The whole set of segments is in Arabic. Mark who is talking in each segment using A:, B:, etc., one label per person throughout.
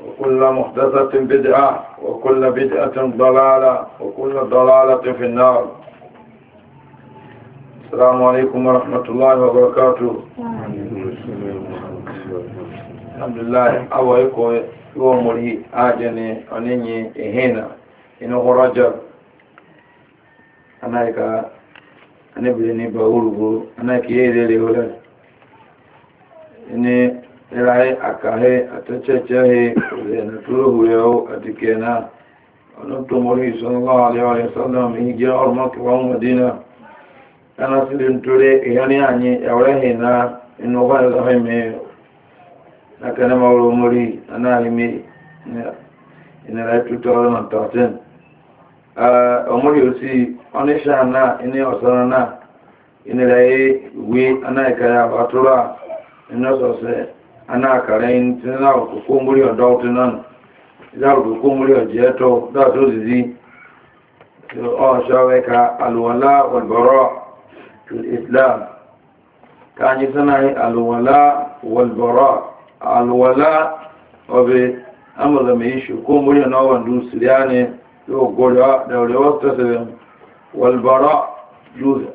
A: وكل محدثة بدعة وكل بدعة ضلالة وكل ضلالة في النار السلام عليكم ورحمة الله وبركاته الحمد لله أولكم يوم لي آجني أنيني إهينا إنه رجب أنا إيكا أنا بلني بأولغو أنا كيدي لي ولد إني ilahi akahe atachachahe zenaturuhuyo atikena onutumori sallallahu alaihi wasallam hijira ormak wa madina ana sirin ture ihani anyi na inu kwa zahe me akana mawlo muri ana himi ina la 2013 ah omuri osi onisha na ini osana na ina la we ana ikaya ana karen tun za ku ko muri o dautu nan za ku ko muri o jeto da so zizi o shawe ka alwala wal bara fil islam kan yi sana yi alwala wal bara alwala obe amala me shi ko muri o nawan du siriyane yo gora da wale wasta se wal bara ju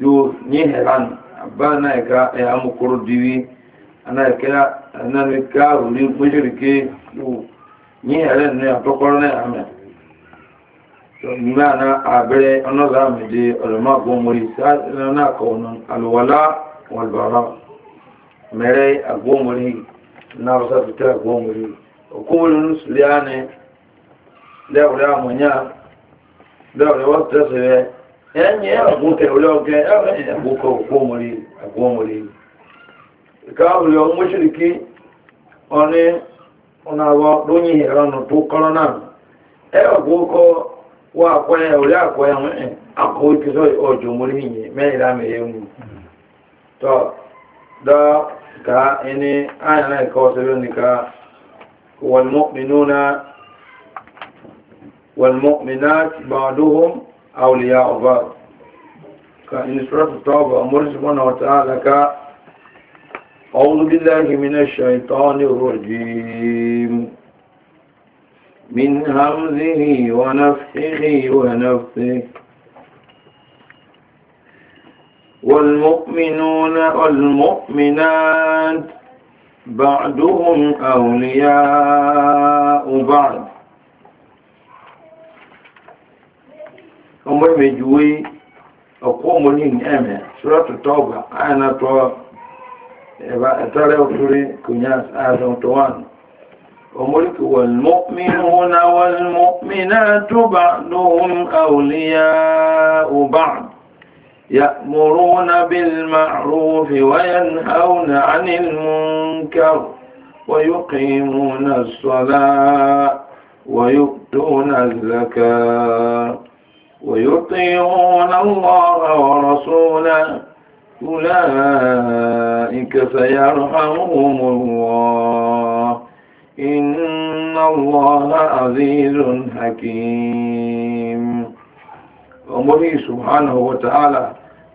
A: ju ni heran abana ka e amukuru diwi anárika òní gbóṣèrèké ní ẹ̀rẹ́ ní àtọ́kọ́rọ́ náà àmì ìgbà náà àbẹ̀rẹ̀ ọ̀nọ́dà àmìdí ọ̀lọ́mọ́gbọ́n mórí náà kọ̀ọ̀nà alùwàlá wàlùbàrà mẹ́rẹ́ àgbọ́mọ̀rí náà sàtútà àgbọ́mọ̀rí òkúmọ̀rí ní sùlẹ̀ ánì lẹ́wọ̀rẹ́ àmọ̀nyá lẹ́wọ̀rẹ́ wọ́n tẹ́sẹ̀rẹ́ ẹ̀yìn ẹ̀gbọ́n tẹ̀wọ́lẹ́ ọ̀gẹ́ ẹ̀gbọ́n kọ̀ òkúmọ̀rí àgbọ́mọ̀rí káàkiri ọmọ mọ́ṣìlìkí ọní ọ̀nàwọ̀ lóyìn ìrànà tó kọ́rọ́ náà ẹ ọ̀pọ̀kọ́ wà ya orí àkọ́yẹ mẹ́rin àkọ́ ìkẹsọ ọjọ́ mórí ka ịnị anya na nke dá ká ẹni àyànà ẹ̀kọ́ ọ̀sẹ̀rẹ̀ nìka wọ̀lmọ́mìnà bàdóhùn àwòlìyà ọba ka inú na ọta alaka. أعوذ بالله من الشيطان الرجيم من همزه ونفخه ونفسه والمؤمنون والمؤمنات بعدهم أولياء بعد أمر مجوي أقوم لهم أمر سورة التوبة أنا آية توبة ترى آدم توان وملك والمؤمنون والمؤمنات بعضهم أولياء بعض يأمرون بالمعروف وينهون عن المنكر ويقيمون الصلاة ويؤتون الزكاة ويطيعون الله ورسوله أولئك سيرحمهم الله إن الله عزيز حكيم ومري سبحانه وتعالى